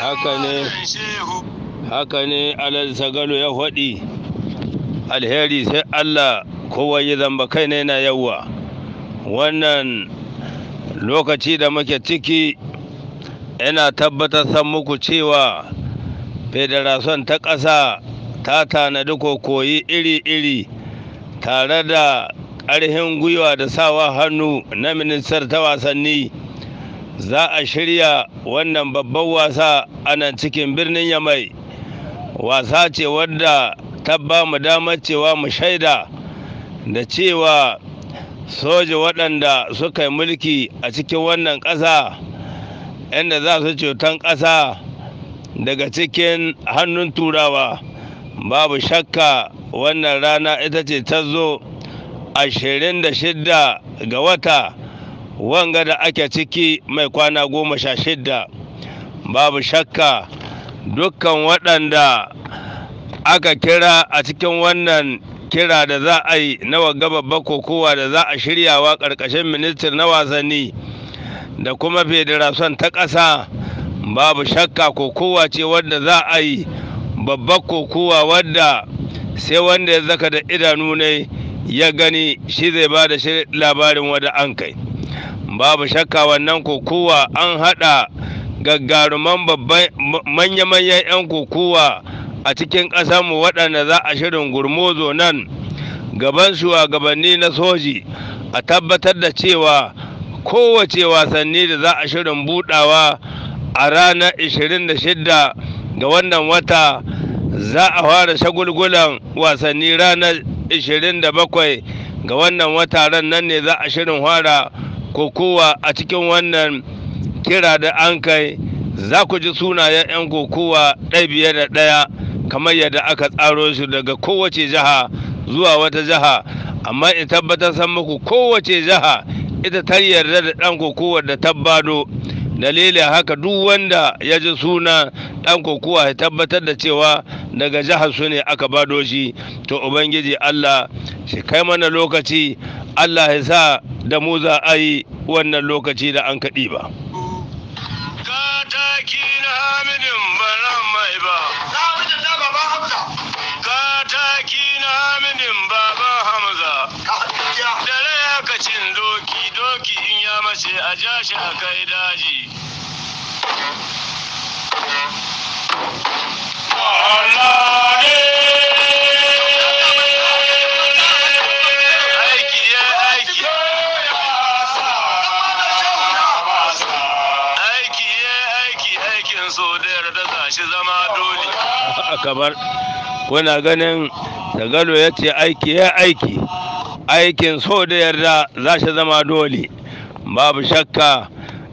haka ne haka ne alal ya faɗi alheri sai allah kowa yi zamba kai ne na yawa wannan lokaci da muke ciki yana tabbatar san muku cewa federation ta ƙasa ta tanadi koyi iri-iri tare da ƙarhin gwiwa da sawa hannu na ministar ta wasanni za a shirya wannan babban wasa a nan cikin birnin yamai wasa ce wadda ta ba mu damar cewa mu shaida da cewa soja waɗanda suka yi mulki a cikin wannan ƙasa inda za su ceton ƙasa daga cikin hannun turawa babu shakka wannan rana ita ce ta zo 26 ga wata wanga da ake ciki mai kwana goma sha shidda babu shakka dukkan waɗanda aka kira a cikin wannan kira da za a yi na waga babba kokowa da za a wa ƙarƙashin ministan na wasanni da kuma federation ta ƙasa babu shakka kokowa ce wadda za a yi babbar kokowa wadda sai wanda ya zaka da idanu ne ya gani shi zai ba da labarin wadda an kai babu shakka wannan kokowa an haɗa gaggaruman manya-manyan 'yan kokowa a cikin ƙasarmu waɗanda za a shirin gurmozo nan gaban shugabanni na soji a tabbatar da cewa kowace wasanni da za a shirin budawa a ranar 26 ga wannan wata za a fara shagulgulan wasanni ranar 27 ga wannan wata ran nan ne za a shirin fara kowa a cikin wannan kira da an kai za ku ji sunayen 'yan kokowa ɗaya biye da ɗaya kamar yadda aka tsaro shi daga kowace jiha zuwa wata jiha amma in tabbatar san muku kowace jiha ita ta yarda da ɗan kokowa da tabbado dalilin haka duk wanda ya ji suna ɗan kokowa ya tabbatar da cewa daga jihar su ne aka bado shi to ubangiji allah shi kai mana lokaci Allah ya sa da mu za a wannan lokaci da an kaɗi ba. Kataki na hamidin baran mai ba. Kataki na hamidin baba Hamza. Dare ya kacin doki doki in ya mace a ja shi a kai daji. Allah Aikin so da yarda za shi zama dole kamar kuna ganin sagalo ya ce aiki ya aiki aikin so da yarda za shi zama dole babu shakka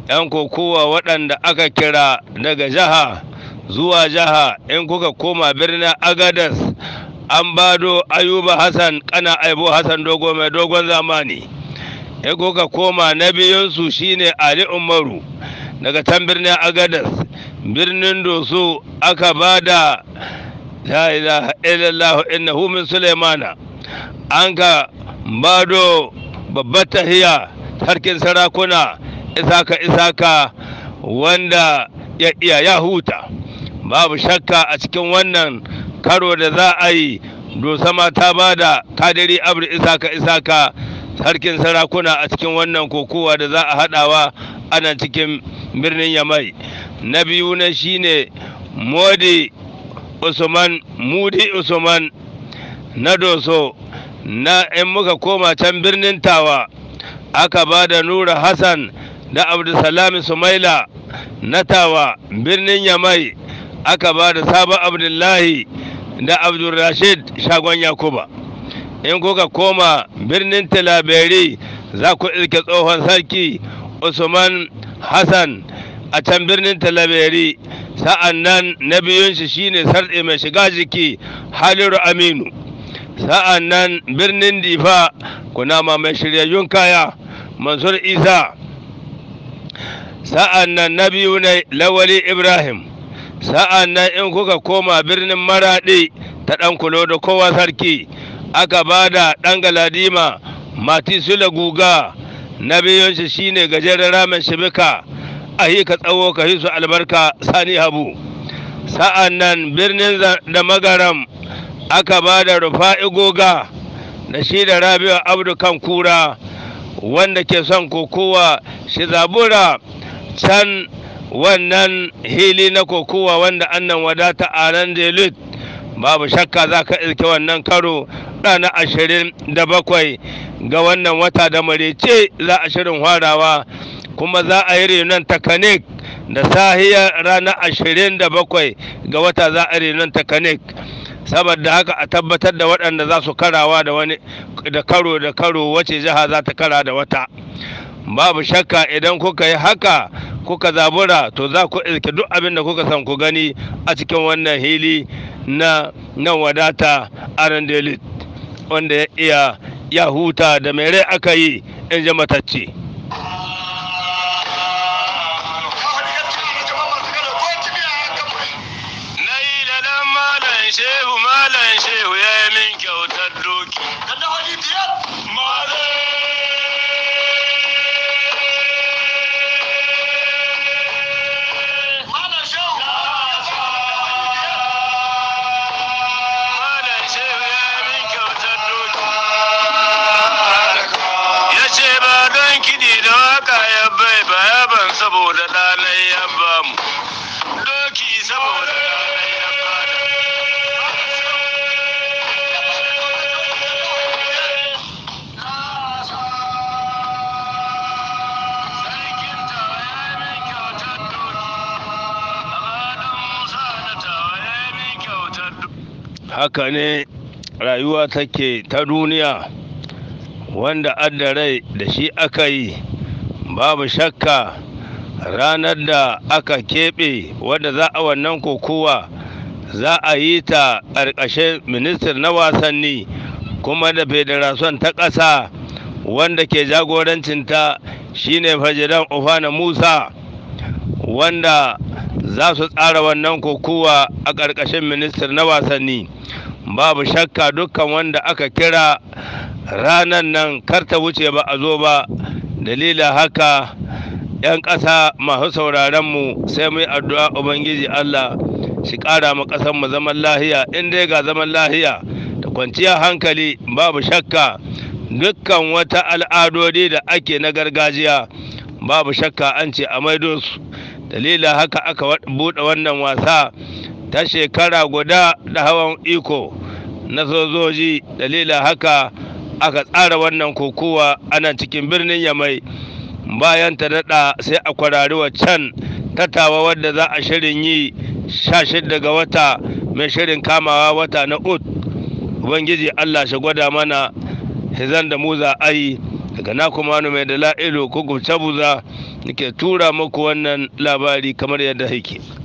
'yan kokowa waɗanda aka kira daga jaha zuwa jaha, in kuka koma birnin agadas an bado ayuba hassan kana aibo hassan dogo mai dogon zamani in kuka koma na biyunsu shine ali umaru daga can birnin agadas birnin doso aka ba da la ilaha illallah innahu min sulaimana an ka bado babbar tahiya sarkin sarakuna isaka isaka wanda ya iya ya huta babu shakka a cikin wannan karo da za a yi dosa ta ba da kadiri abdu isaka isaka sarkin sarakuna a cikin wannan kokowa da za a haɗawa a cikin birnin yamai na biyu na shine modi usman mudi usman na doso na in muka koma can birnin tawa aka ba da nura hassan na abdulsalami sumaila na tawa birnin yamai aka ba da sabon abdullahi da abdulrashid shagon yakuba in kuka koma birnin talaberi za ku ilke tsohon sarki usman hassan a can birnin talaberi sa'an nan na biyun shi shine sarɗe mai shiga jiki haliru aminu sa'an birnin difa kunama mai shiryayyun kaya mansur isa sa'an nan na biyu ne lawali ibrahim sa'an in kuka koma birnin maraɗi ta ɗan kulo da kowa sarki aka ba da ɗan galadima mati sula guga na biyun shi shine gajeren ramin shibika a yi ka tsawo ka yi su albarka sani habu sa'an nan birnin da magaram aka ba da rufa'i goga da shi da rabiwa abdu kan kura wanda ke son kokowa shi zabura can wannan hili na kokowa wanda annan wadata a nan delit babu shakka za ka iske wannan karo ɗana ashirin da bakwai ga wannan wata da marece za a shirin harawa kuma za a yi renon takanik da sahiyar ranar ashirin da bakwai ga wata za a renon takanik saboda haka a tabbatar da waɗanda za su karawa da wani da karo da karo wace jiha za ta kara da wata babu shakka idan kuka yi haka kuka zabura to za ku iske duk abin da kuka san ku gani a cikin wannan hili na nan wadata arandelit wanda ya iya ya huta da rai aka yi in ji matacce shehu malam shehu ya yi min kyautar doki kada wani biyar malam saboda ɗanai yabba haka ne rayuwa take ta duniya wanda adda rai da shi aka yi babu shakka ranar da aka keɓe wadda za a wannan kokowa za a yi ta ƙarƙashin ministan na wasanni kuma da federation ta ƙasa wanda ke jagorancinta shine fajiran ofana musa wanda za su tsara wannan kokowa a ƙarƙashin ministar na wasanni babu shakka dukkan wanda aka kira ranar nan karta wuce ba a zo ba dalilin haka 'yan ƙasa masu mu sai mu addu'a ubangiji allah shi ƙara ma mu zaman lahiya in dai ga zaman lahiya da kwanciyar hankali babu shakka dukkan wata al'adodi da ake na gargajiya babu shakka an ce a maido su dalila haka aka buɗe wannan wasa ta shekara guda da hawan iko na sojoji dalila haka aka tsara wannan kokowa ana cikin birnin yamai bayan ta daɗa sai a kwarari can tattawa wadda za a shirin yi shashin daga wata mai shirin kamawa wata na ut ubangiji allah shi gwada mana hizan da mu za a yi daga na kuma mai da lailo ko gubta buza nake tura muku wannan labari kamar yadda yake